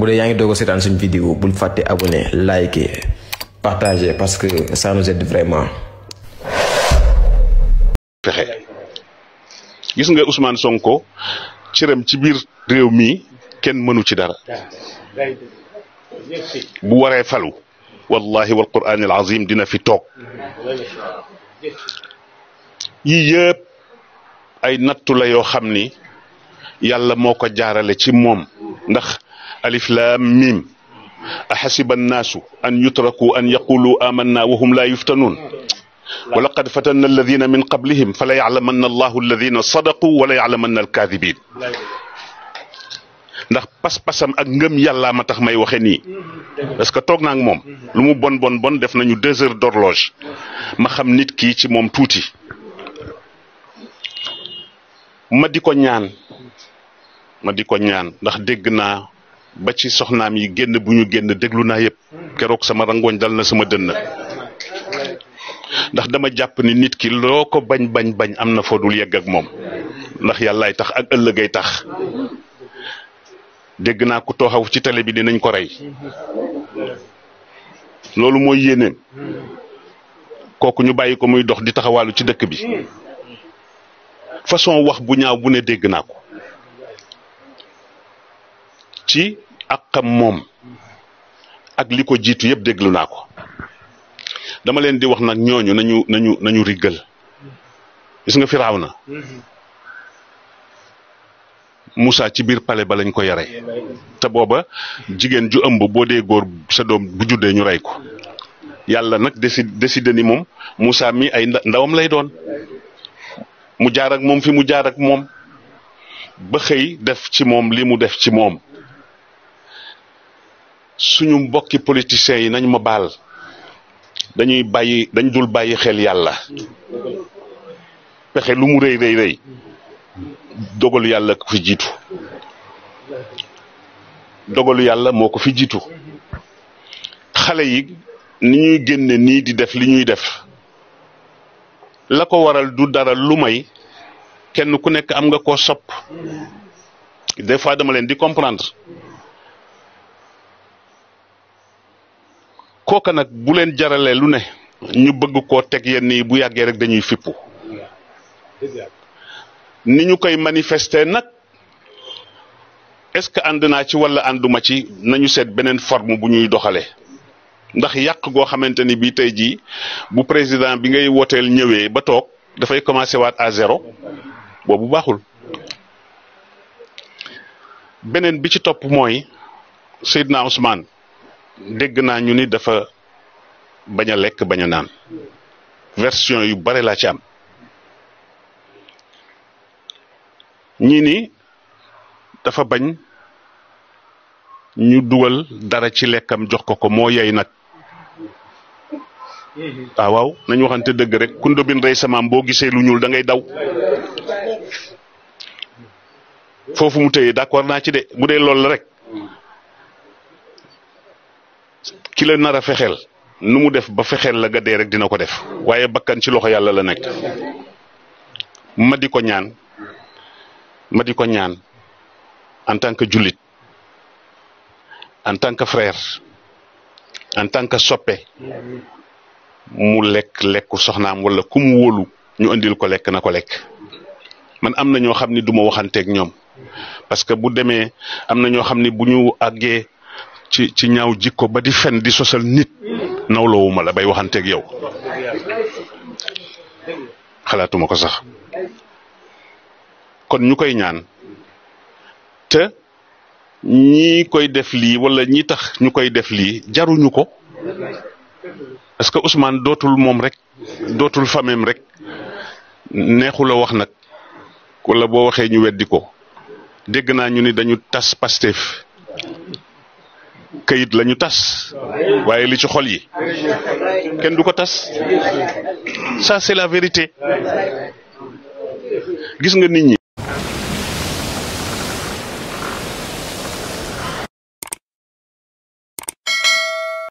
bu dee yaa ngi doog a seetaan suñu vidéo bul fàtte lay liker partager parce que ça nous aide vraiment. fexe gis nga Ousmane Sonko cëram ci biir réew mi kenn mënu ci dara bu waree falu wallahi wal qur'an al azim dina fi toog yii yëpp ay nattu la yoo xam ni yàlla moo ko jaarale ci moom ndax. ألف لام ميم أحسب الناس أن يتركوا أن يقولوا آمنا وهم لا يفتنون ولقد فتن الذين من قبلهم فلا يعلمن الله الذين صدقوا ولا يعلمن الكاذبين ndax pas-pasam ak ngëm yàlla ma tax may waxe nii parce que toog naa ak moom lu mu bon bon bon def nañu deux heures d'horloge ma xam nit kii ci moom tuuti ma di ko ñaan ma di ko ñaan ndax dégg naa ba ci soxnaam yi génn bu ñu génn déglu naa yëpp keroog sama rangooñ dal na sama dënna ndax dama jàpp ni nit ki loo ko bañ bañ bañ am na foodul yegg ak moom ndax yàllaay tax ak ëllëgay tax dégg naa ku tooxaw ci tale bi dinañ ko rey loolu mooy yéeneem kooku ñu bàyyi ko muy dox di taxawaalu ci dëkk bi façon wax bu ñaaw bu ne dégg naa ko ci ak xam moom ak li ko jiitu yëpp déglu naa ko dama leen di wax nag ñooñu nañu nañu nañu riggal gis nga firaaw na musa ci biir pale ba lañ ko yare te booba jigéen ju ëmb boo dee góor sa doom bu juddee ñu rey ko yàlla nag décidé ni moom Moussa mi ay ndawam lay doon mu jaarak moom fi mu jaarak moom ba xëy def ci moom li mu def ci moom suñu mbokki politiciens yi nañ ma baal dañuy bàyyi dañ dul bàyyi xel yàlla pexe lu mu rëy rëy rëy dogalu yàlla ko fi jiitu dogalu yàlla moo ko fi jiitu xale yi ni ñuy génne nii di def li ñuy def la ko waral du dara lu may kenn ku nekk am nga koo sop des fois dama leen di comprendre kooka nag bu leen jaralee lu ne ñu bëgg koo teg yenn yi bu yàggee rek dañuy fippu ni ñu koy manifester nag est-ce que ànd naa ci walla ànduma ci nañu seet beneen forme bu ñuy doxalee ndax yàq goo xamante ni bii tey jii bu président bi ngay wooteel ñëwee ba toog dafay commencé waat à zéro boobu baaxul beneen bi ci topp mooy Seydina Ousmane. dégg naa ñu ni dafa bañ a lekk bañ a naan version yu bare laa ci am ñii ni dafa bañ ñu dugal dara ci lekkam jox ko ko moo yey nag waaw ah, waaw nañu waxante dëgg rek ku kundobin rey samaam boo gisee lu ñuul dangay daw foofu mu tëye d'accord naa ci de bu dee loolu la rek ki la nar a fexeel nu mu def ba fexeel la ga dee rek dina ko def waaye bakkan ci loxo yàlla la nekk ma di ko ñaan ma di ko ñaan en tant que jullit en tant que frère en tant que soppe mu lekk lekku soxnaam wala ku mu ñu indil ko lekk na ko lekk man am na ñoo xam ni duma ma waxanteeg ñoom parce que bu demee am na ñoo xam ni bu ñu ci ci ñaaw jikko ba di fen di sosal nit nawloowuma la bay waxanteeg yow xalaatuma ko sax kon ñu koy ñaan te ñi koy def lii walla ñii tax ñu koy def lii jaruñu ko parce que Ousmane dootul moom rek dootul fameem rek neexula wax nag wala boo waxee ñu weddi ko dégg naa ñu ni dañu tas Pastef kayit lañu tas waaye li ci xol yi kenn du ko tas ça c'est la vérité gis nga nit ñi